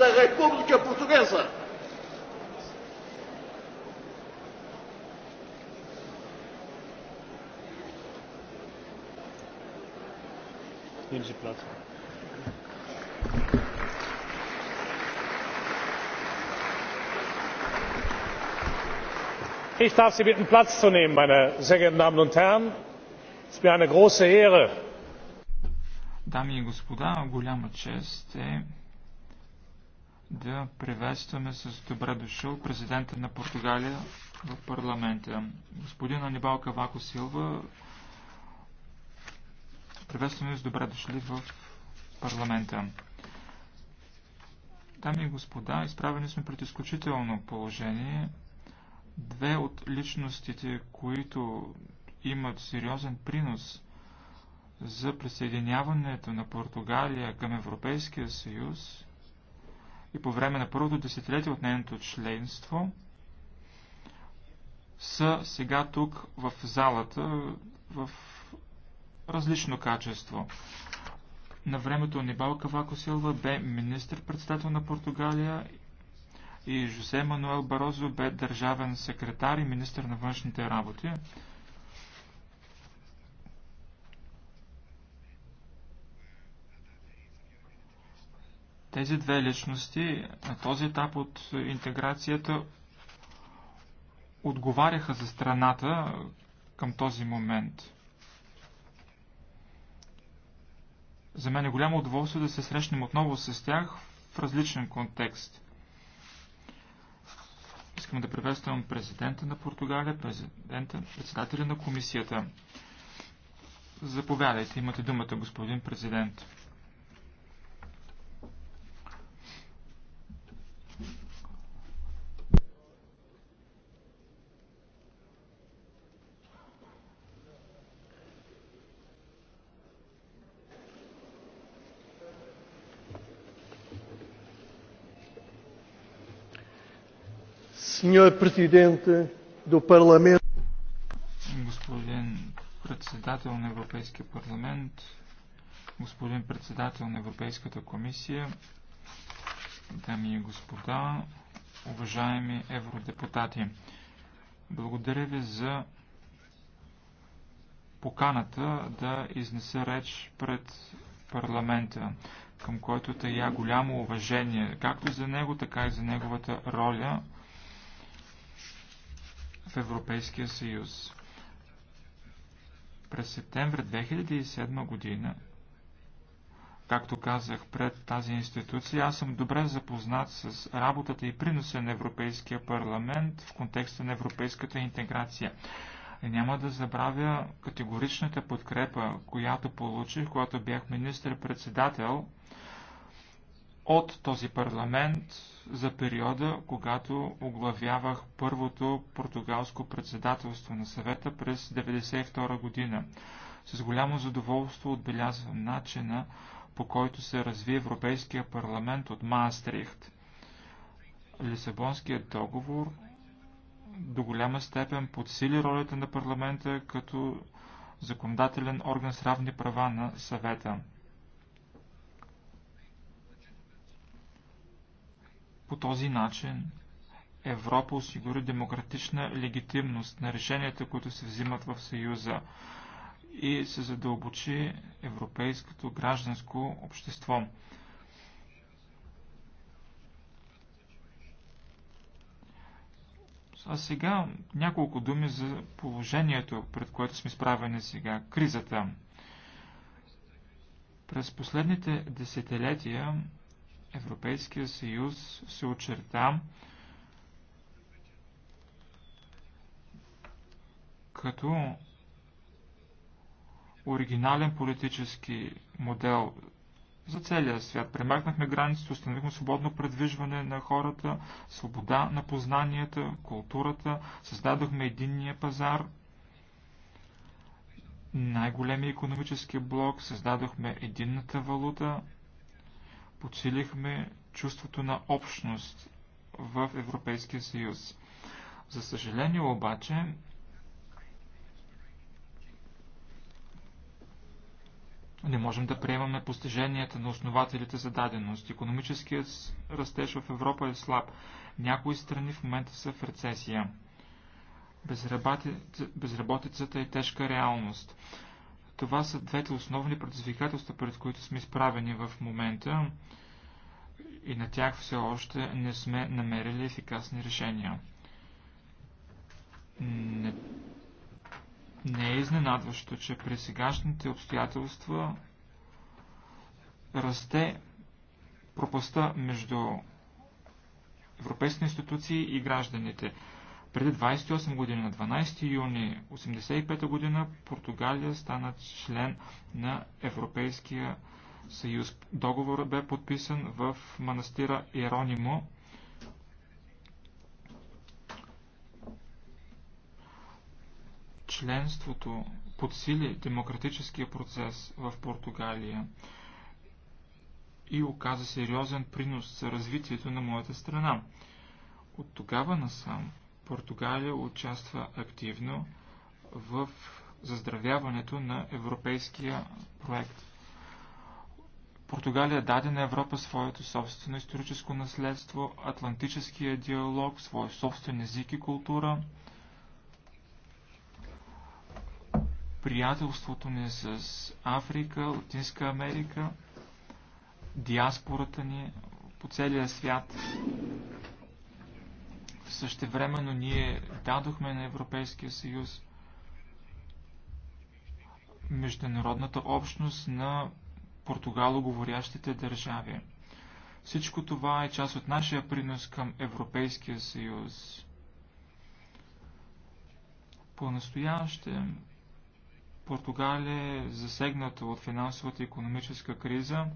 da República Portuguesa. Ich darf Sie bitten, Platz zu nehmen, meine sehr geehrten Damen und Herren. Es ist mir eine große Ehre, Дами и господа, голяма чест е да приветстваме с добре дошъл президента на Португалия в парламента. Господин Анибал Кавако Силва, приветстваме с добре дошли в парламента. Дами и господа, изправени сме пред изключително положение. Две от личностите, които имат сериозен принос за присъединяването на Португалия към Европейския съюз, и по време на първото десетилетие от нейното членство са сега тук в залата в различно качество. На времето Нибал Кавако Силва бе министр-председател на Португалия и Жозе Мануел Барозо бе държавен секретар и министр на външните работи. Тези две личности на този етап от интеграцията отговаряха за страната към този момент. За мен е голямо удоволствие да се срещнем отново с тях в различен контекст. Искам да приветствам президента на Португалия, президента, председателя на комисията. Заповядайте, имате думата, господин президент. Senhor Presidente do Parlamento. Господин председател на Европейския парламент, господин председател на Европейската комисия, дами и господа, уважаеми евродепутати. Благодаря ви за поканата да изнеса реч пред парламента, към който тая голямо уважение, както за него, така и за неговата роля в Европейския съюз. През септември 2007 година, както казах пред тази институция, аз съм добре запознат с работата и приноса на Европейския парламент в контекста на европейската интеграция. Няма да забравя категоричната подкрепа, която получих, когато бях министър-председател от този парламент за периода, когато оглавявах първото португалско председателство на съвета през 1992 година. С голямо задоволство отбелязвам начина, по който се разви Европейския парламент от Маастрихт. Лисабонският договор до голяма степен подсили ролята на парламента като законодателен орган с равни права на съвета. По този начин Европа осигури демократична легитимност на решенията, които се взимат в Съюза и се задълбочи европейското гражданско общество. А сега няколко думи за положението, пред което сме справени сега – кризата. През последните десетилетия Европейския съюз се очерта като оригинален политически модел за целия свят. Премахнахме границите, установихме свободно предвижване на хората, свобода на познанията, културата, създадохме единния пазар, най-големия економически блок, създадохме единната валута, подсилихме чувството на общност в Европейския съюз. За съжаление обаче, не можем да приемаме постиженията на основателите за даденост. Економическият растеж в Европа е слаб. Някои страни в момента са в рецесия. Безработицата е тежка реалност. Това са двете основни предизвикателства, пред които сме изправени в момента и на тях все още не сме намерили ефикасни решения. Не, не е изненадващо, че при сегашните обстоятелства расте пропаста между европейските институции и гражданите. Преди 28 години, на 12 юни 1985 година, Португалия стана член на Европейския съюз. Договорът бе подписан в манастира Еронимо. Членството подсили демократическия процес в Португалия и оказа сериозен принос за развитието на моята страна. От тогава насам Португалия участва активно в заздравяването на европейския проект. Португалия е даде на Европа своето собствено историческо наследство, атлантическия диалог, свой собствен език и култура. Приятелството ни е с Африка, Латинска Америка, диаспората ни по целия свят. Същевременно ние дадохме на Европейския съюз международната общност на португалоговорящите държави. Всичко това е част от нашия принос към Европейския съюз. По-настояще Португалия е засегната от финансовата и економическа криза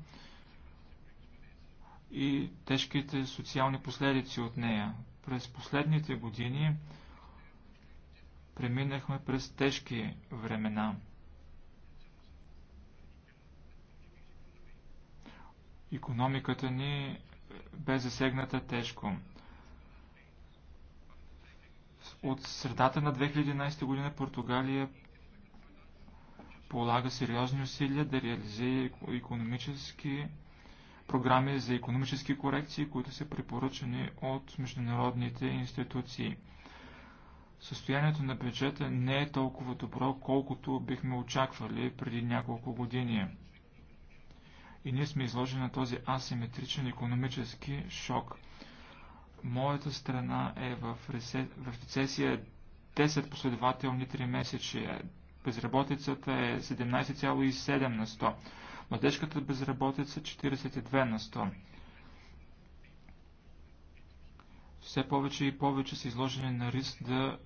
и тежките социални последици от нея, през последните години преминахме през тежки времена. Економиката ни бе засегната тежко. От средата на 2011 година Португалия полага сериозни усилия да реализира економически програми за економически корекции, които са препоръчани от международните институции. Състоянието на бюджета не е толкова добро, колкото бихме очаквали преди няколко години. И ние сме изложени на този асиметричен економически шок. Моята страна е в, в рецесия 10 последователни 3 месечи. Безработицата е 17,7 на 100. Младежката безработица 42 е на 100. Все повече и повече са изложени на риск да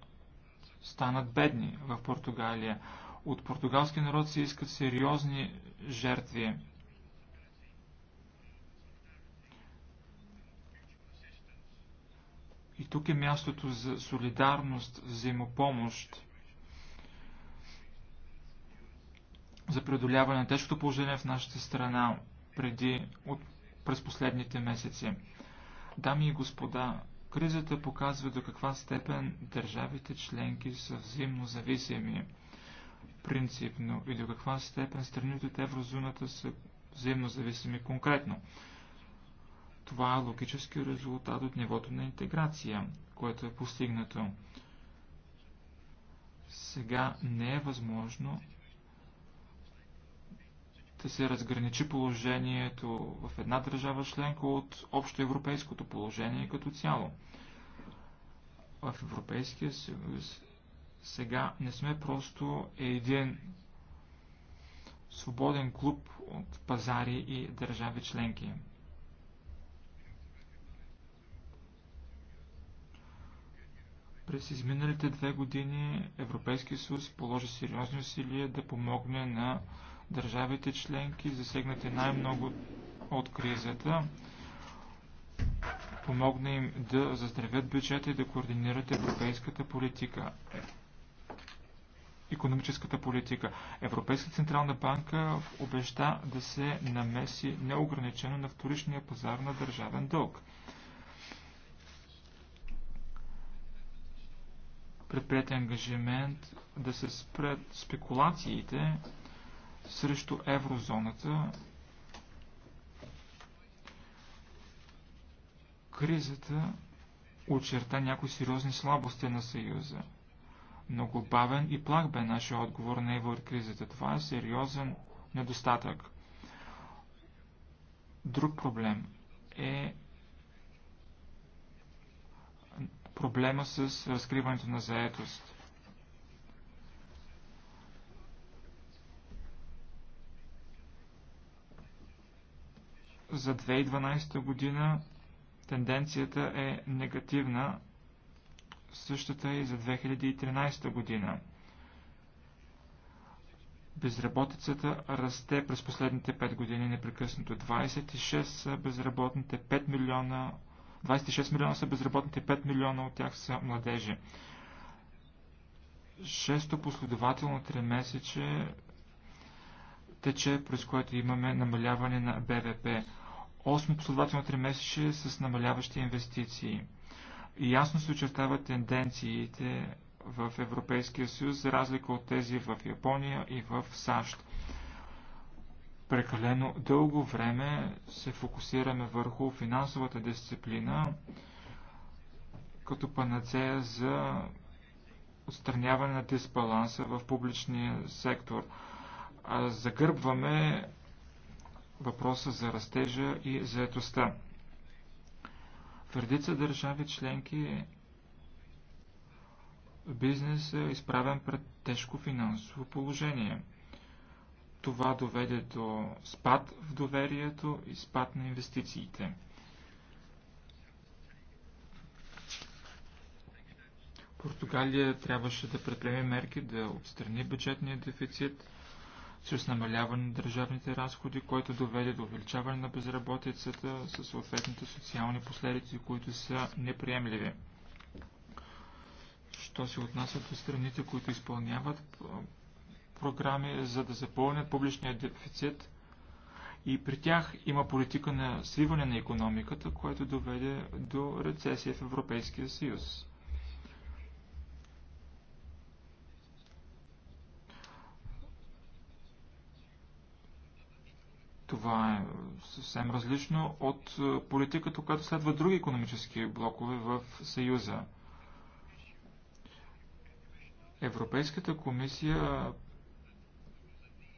станат бедни в Португалия. От португалския народ се искат сериозни жертви. И тук е мястото за солидарност, взаимопомощ. за преодоляване на тежкото положение в нашата страна преди, от, през последните месеци. Дами и господа, кризата показва до каква степен държавите членки са взаимно зависими принципно и до каква степен страните от еврозоната са взаимно зависими конкретно. Това е логически резултат от нивото на интеграция, което е постигнато. Сега не е възможно да се разграничи положението в една държава членка от общо европейското положение като цяло. В Европейския съюз сега не сме просто един свободен клуб от пазари и държави членки. През изминалите две години Европейския съюз положи сериозни усилия да помогне на държавите членки, засегнати най-много от кризата. Помогна им да заздравят бюджета и да координират европейската политика економическата политика. Европейска централна банка обеща да се намеси неограничено на вторичния пазар на държавен дълг. Предприятен ангажимент да се спрят спекулациите срещу еврозоната. Кризата очерта някои сериозни слабости на Съюза. Много бавен и плак бе нашия отговор на еврокризата. Това е сериозен недостатък. Друг проблем е проблема с разкриването на заетост. за 2012 година тенденцията е негативна, същата е и за 2013 година. Безработицата расте през последните 5 години непрекъснато. 26 са безработните 5 милиона, 26 милиона са безработните, 5 милиона от тях са младежи. Шесто последователно 3 тече, през което имаме намаляване на БВП. Осмо последователно тримесечие с намаляващи инвестиции. И ясно се очертават тенденциите в Европейския съюз, за разлика от тези в Япония и в САЩ. Прекалено дълго време се фокусираме върху финансовата дисциплина като панацея за отстраняване на дисбаланса в публичния сектор. А загърбваме въпроса за растежа и заетостта. В редица държави членки бизнес е изправен пред тежко финансово положение. Това доведе до спад в доверието и спад на инвестициите. Португалия трябваше да предприеме мерки да отстрани бюджетния дефицит – с намаляване на държавните разходи, което доведе до увеличаване на безработицата със съответните социални последици, които са неприемливи. Що се отнася до страните, които изпълняват програми за да запълнят публичния дефицит, и при тях има политика на свиване на економиката, което доведе до рецесия в Европейския съюз. Това е съвсем различно от е, политиката, която следва други економически блокове в Съюза. Европейската комисия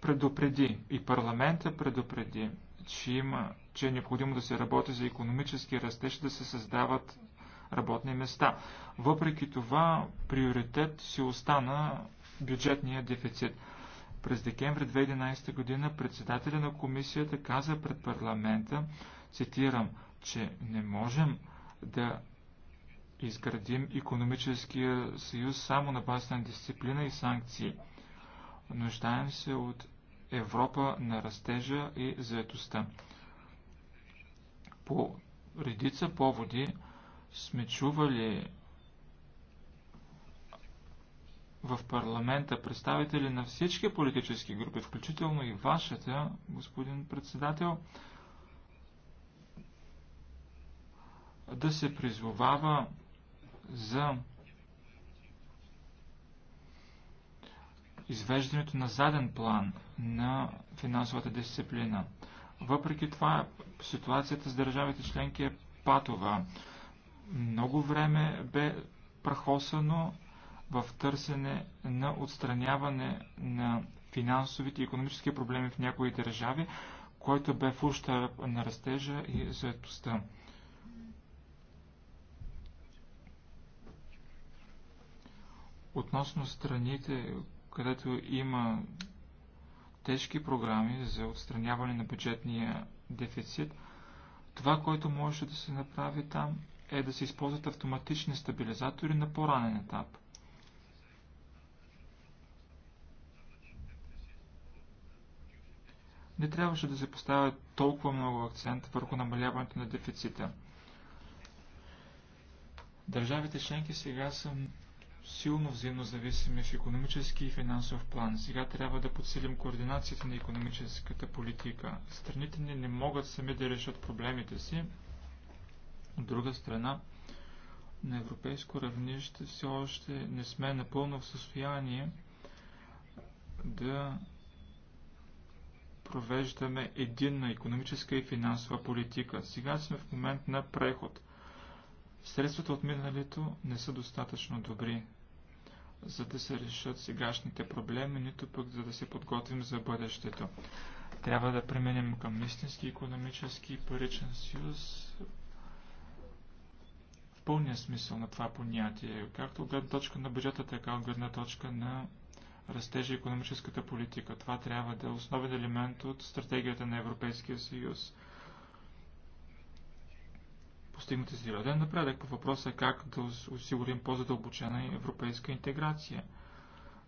предупреди и парламента предупреди, че, има, че е необходимо да се работи за економически растеж, да се създават работни места. Въпреки това, приоритет си остана бюджетния дефицит. През декември 2011 година председателя на комисията каза пред парламента, цитирам, че не можем да изградим економическия съюз само на база на дисциплина и санкции. Нуждаем се от Европа на растежа и заетостта. По редица поводи сме чували в парламента представители на всички политически групи, включително и вашата, господин председател, да се призовава за извеждането на заден план на финансовата дисциплина. Въпреки това, ситуацията с държавите членки е патова. Много време бе прахосано в търсене на отстраняване на финансовите и економически проблеми в някои държави, който бе в ущърп на растежа и заедостта. Относно страните, където има тежки програми за отстраняване на бюджетния дефицит, това, което може да се направи там, е да се използват автоматични стабилизатори на по-ранен етап – Не трябваше да се поставя толкова много акцент върху намаляването на дефицита. Държавите членки сега са силно взаимно зависими в економически и финансов план. Сега трябва да подсилим координацията на економическата политика. Страните ни не могат сами да решат проблемите си. От друга страна, на европейско равнище все още не сме напълно в състояние да провеждаме единна економическа и финансова политика. Сега сме в момент на преход. Средствата от миналето не са достатъчно добри, за да се решат сегашните проблеми, нито пък за да се подготвим за бъдещето. Трябва да преминем към истински економически и паричен съюз в пълния смисъл на това понятие, както от гледна точка на бюджета, така от гледна точка на растежа и економическата политика. Това трябва да е основен елемент от стратегията на Европейския съюз. Постигнати си реден напредък по въпроса е как да осигурим по-задълбочена европейска интеграция.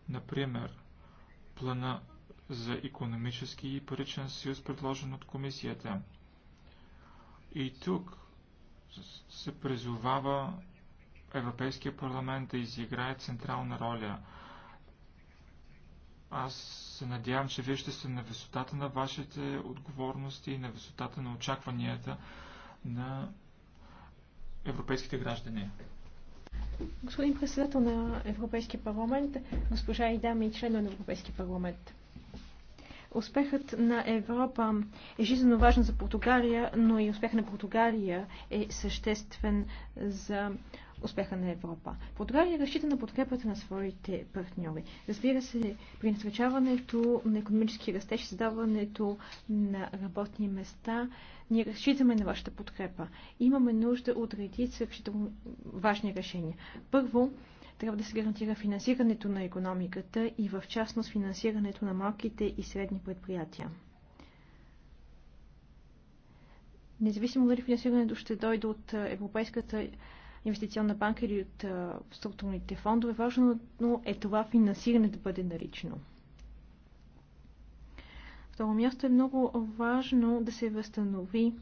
Например, плана за економически и паричен съюз, предложен от комисията. И тук се призовава Европейския парламент да изиграе централна роля – аз се надявам, че вие ще сте на висотата на вашите отговорности и на висотата на очакванията на европейските граждани. Господин председател на Европейския парламент, госпожа и дами и член на Европейския парламент. Успехът на Европа е жизненно важен за Португалия, но и успех на Португалия е съществен за успеха на Европа. Португалия е разчита на подкрепата на своите партньори. Разбира се, при насръчаването на економически растеж, създаването на работни места, ние разчитаме на вашата подкрепа. Имаме нужда от редица важни решения. Първо, трябва да се гарантира финансирането на економиката и в частност финансирането на малките и средни предприятия. Независимо дали финансирането ще дойде от е, Европейската инвестиционна банка или от структурните фондове. Важно но е това финансиране да бъде налично. Второ място е много важно да се възстанови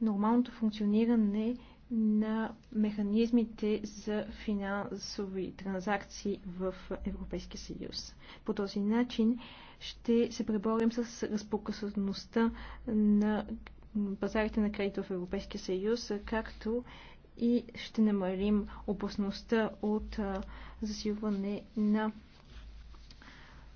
нормалното функциониране на механизмите за финансови транзакции в Европейския съюз. По този начин ще се преборим с разпокъсаността на пазарите на кредит в Европейския съюз, както и ще намалим опасността от засилване на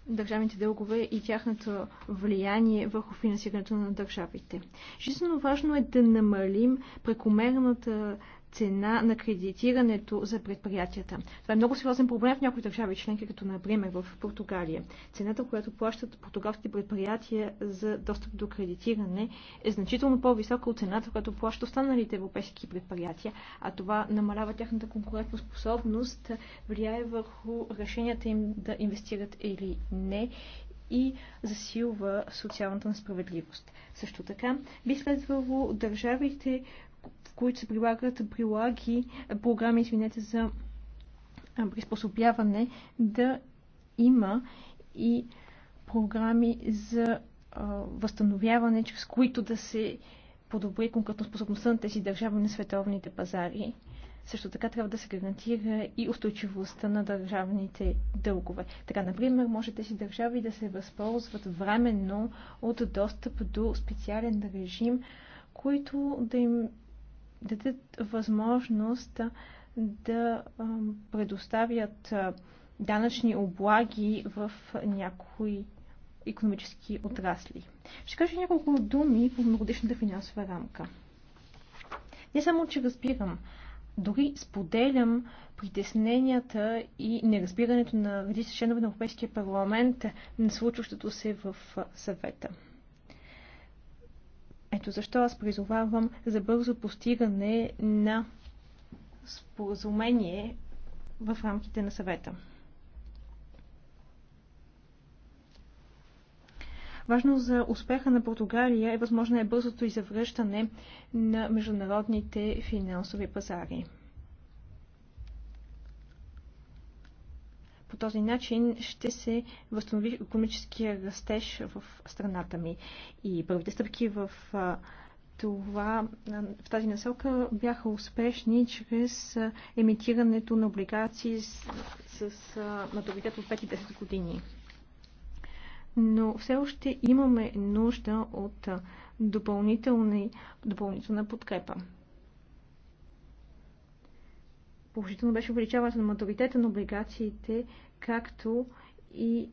държавните дългове и тяхното влияние върху финансирането на държавите. Жизненно важно е да намалим прекомерната цена на кредитирането за предприятията. Това е много сериозен проблем в някои държави членки, като например в Португалия. Цената, която плащат португалските предприятия за достъп до кредитиране е значително по-висока от цената, която плащат останалите европейски предприятия, а това намалява тяхната конкурентоспособност, влияе върху решенията им да инвестират или не и засилва социалната несправедливост. Също така би следвало държавите, които се прилагат прилаги, програми, извинете, за приспособяване, да има и програми за възстановяване, чрез които да се подобри конкретно способността на тези държави на световните пазари. Също така трябва да се гарантира и устойчивостта на държавните дългове. Така, например, може тези държави да се възползват временно от достъп до специален режим, който да им дадат възможност да предоставят данъчни облаги в някои економически отрасли. Ще кажа няколко думи по многодишната финансова рамка. Не само, че разбирам, дори споделям притесненията и неразбирането на редица членове на Европейския парламент на случващото се в съвета. Ето защо аз призовавам за бързо постигане на споразумение в рамките на съвета. Важно за успеха на Португалия е възможно е бързото извръщане на международните финансови пазари. По този начин ще се възстанови економическия растеж в страната ми. И първите стъпки в това, в тази насока бяха успешни чрез емитирането на облигации с, с матуритет от 5 и 10 години. Но все още имаме нужда от допълнителна подкрепа. Положително беше увеличаването на матуритета на облигациите, както и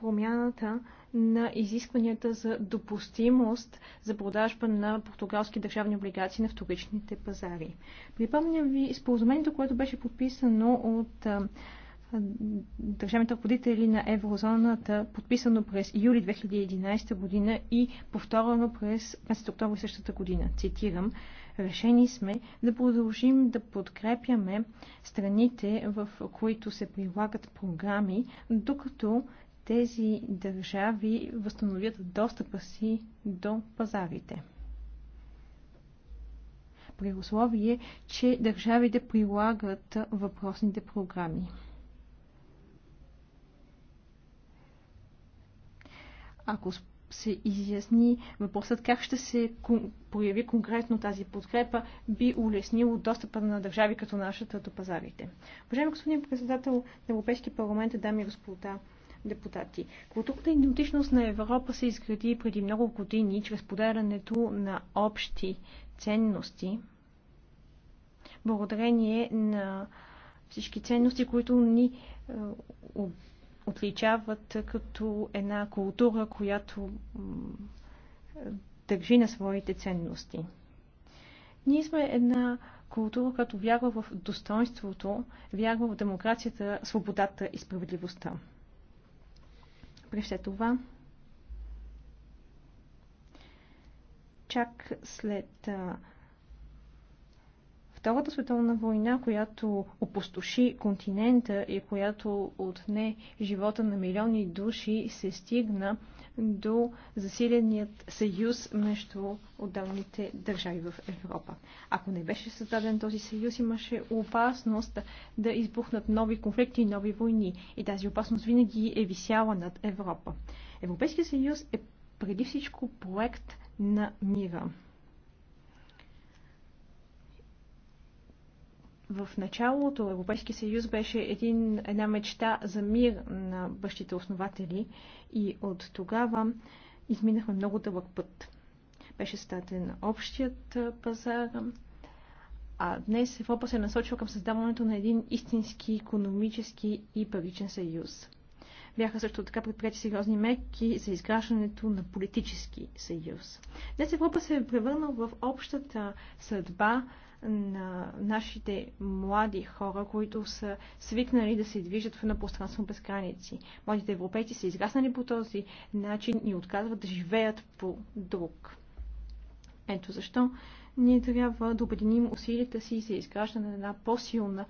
промяната на изискванията за допустимост за продажба на португалски държавни облигации на вторичните пазари. Припомням ви споразумението, което беше подписано от държавните ръководители на еврозоната, подписано през юли 2011 година и повторено през месец октомври същата година. Цитирам, Решени сме да продължим да подкрепяме страните, в които се прилагат програми, докато тези държави възстановят достъпа си до пазарите. При условие, че държавите прилагат въпросните програми. Ако се изясни въпросът как ще се прояви конкретно тази подкрепа, би улеснило достъпа на държави като нашата до пазарите. Уважаеми господин председател на Европейски парламент, дами и господа депутати, културната идентичност на Европа се изгради преди много години чрез подарянето на общи ценности, благодарение на всички ценности, които ни е, отличават като една култура, която държи на своите ценности. Ние сме една култура, която вярва в достоинството, вярва в демокрацията, свободата и справедливостта. При все това, чак след а, Втората световна война, която опустоши континента и която отне живота на милиони души, се стигна до засиленият съюз между отделните държави в Европа. Ако не беше създаден този съюз, имаше опасност да избухнат нови конфликти и нови войни. И тази опасност винаги е висяла над Европа. Европейския съюз е преди всичко проект на мира. в началото Европейския съюз беше един, една мечта за мир на бащите основатели и от тогава изминахме много дълъг път. Беше статен общият пазар, а днес Европа се насочва към създаването на един истински економически и паричен съюз. Бяха също така предприяти сериозни мерки за изграждането на политически съюз. Днес Европа се е превърнала в общата съдба на нашите млади хора, които са свикнали да се движат в едно пространство без граници. Младите европейци са изгаснали по този начин и отказват да живеят по друг. Ето защо ние трябва да обединим усилията си за изграждане на една по-силна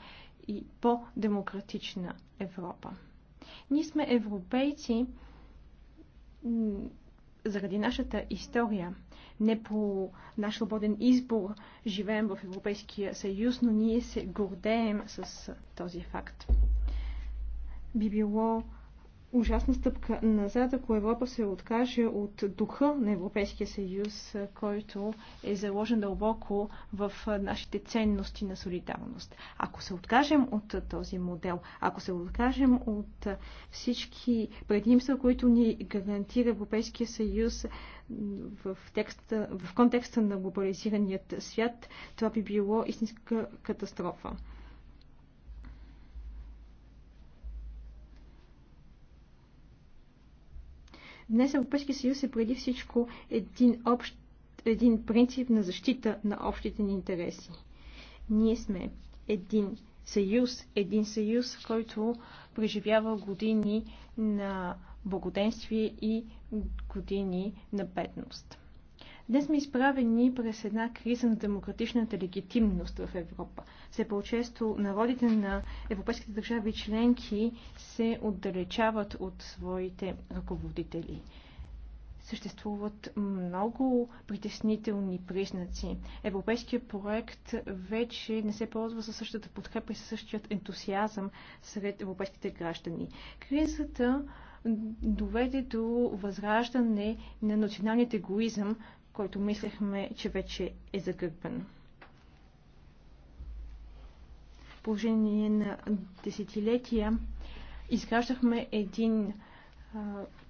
и по-демократична Европа. Ние сме европейци заради нашата история не по наш свободен избор живеем в Европейския съюз, но ние се гордеем с този факт. Би било ужасна стъпка назад, ако Европа се откаже от духа на Европейския съюз, който е заложен дълбоко в нашите ценности на солидарност. Ако се откажем от този модел, ако се откажем от всички предимства, които ни гарантира Европейския съюз в, текста, в контекста на глобализираният свят, това би било истинска катастрофа. Днес Европейския съюз е преди всичко един, общ, един принцип на защита на общите ни интереси. Ние сме един съюз, един съюз, който преживява години на благоденствие и години на бедност. Днес сме изправени през една криза на демократичната легитимност в Европа. Все по-често народите на европейските държави членки се отдалечават от своите ръководители съществуват много притеснителни признаци. Европейският проект вече не се ползва със същата подкрепа и със същият ентусиазъм сред европейските граждани. Кризата доведе до възраждане на националният егоизъм, който мислехме, че вече е загърбен. Положение на десетилетия изграждахме един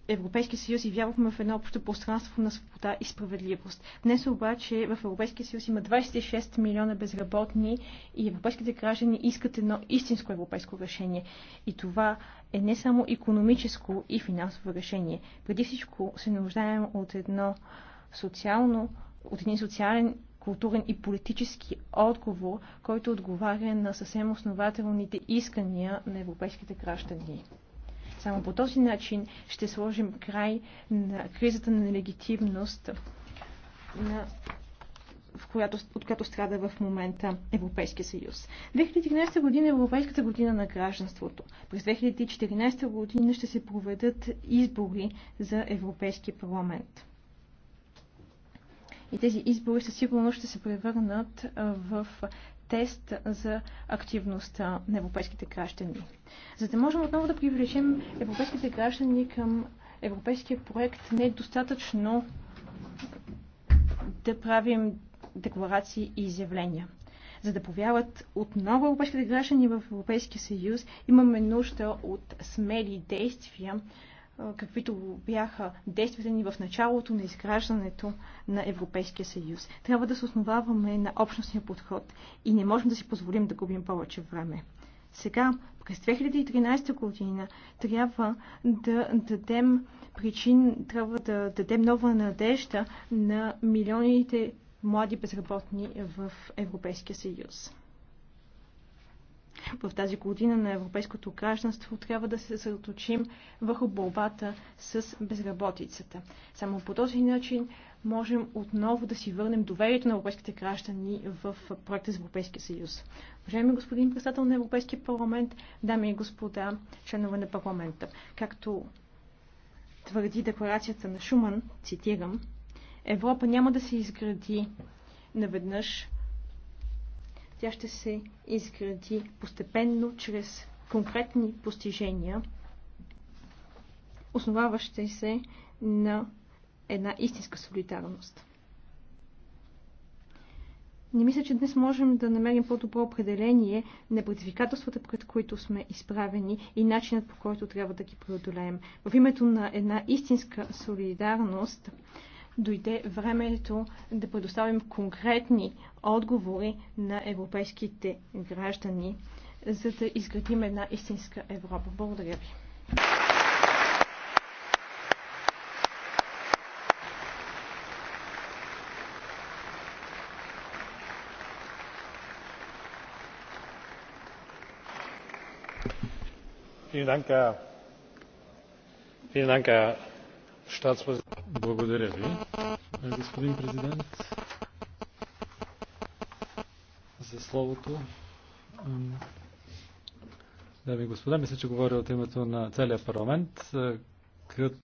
Европейски съюз и вярвахме в едно общо пространство на свобода и справедливост. Днес обаче в Европейския съюз има 26 милиона безработни и европейските граждани искат едно истинско европейско решение. И това е не само економическо и финансово решение. Преди всичко се нуждаем от едно а, социално, от един социален, културен и политически отговор, който отговаря на съвсем основателните искания на европейските граждани. Само по този начин ще сложим край на кризата на нелегитимност, на в която, от която страда в момента Европейския съюз. 2013 година е Европейската година на гражданството. През 2014 година ще се проведат избори за Европейския парламент и тези избори със сигурност ще се превърнат в тест за активността на европейските граждани. За да можем отново да привлечем европейските граждани към европейския проект, не е достатъчно да правим декларации и изявления. За да повярват отново европейските граждани в Европейския съюз, имаме нужда от смели действия каквито бяха действията ни в началото на изграждането на Европейския съюз. Трябва да се основаваме на общностния подход и не можем да си позволим да губим повече време. Сега, през 2013 година, трябва да дадем причин, трябва да дадем нова надежда на милионите млади безработни в Европейския съюз в тази година на европейското гражданство трябва да се съсредоточим върху борбата с безработицата. Само по този начин можем отново да си върнем доверието на европейските граждани в проекта за Европейския съюз. Уважаеми господин председател на Европейския парламент, дами и господа, членове на парламента, както твърди декларацията на Шуман, цитирам, Европа няма да се изгради наведнъж, тя ще се изгради постепенно чрез конкретни постижения, основаващи се на една истинска солидарност. Не мисля, че днес можем да намерим по-добро определение на предизвикателствата, пред които сме изправени и начинът по който трябва да ги преодолеем. В името на една истинска солидарност дойде времето да предоставим конкретни отговори на европейските граждани, за да изградим една истинска Европа. Благодаря ви. vielen dank herr staatspräsident! Благодаря ви, господин президент, за словото. Дами и господа, мисля, че говоря от името на целия парламент,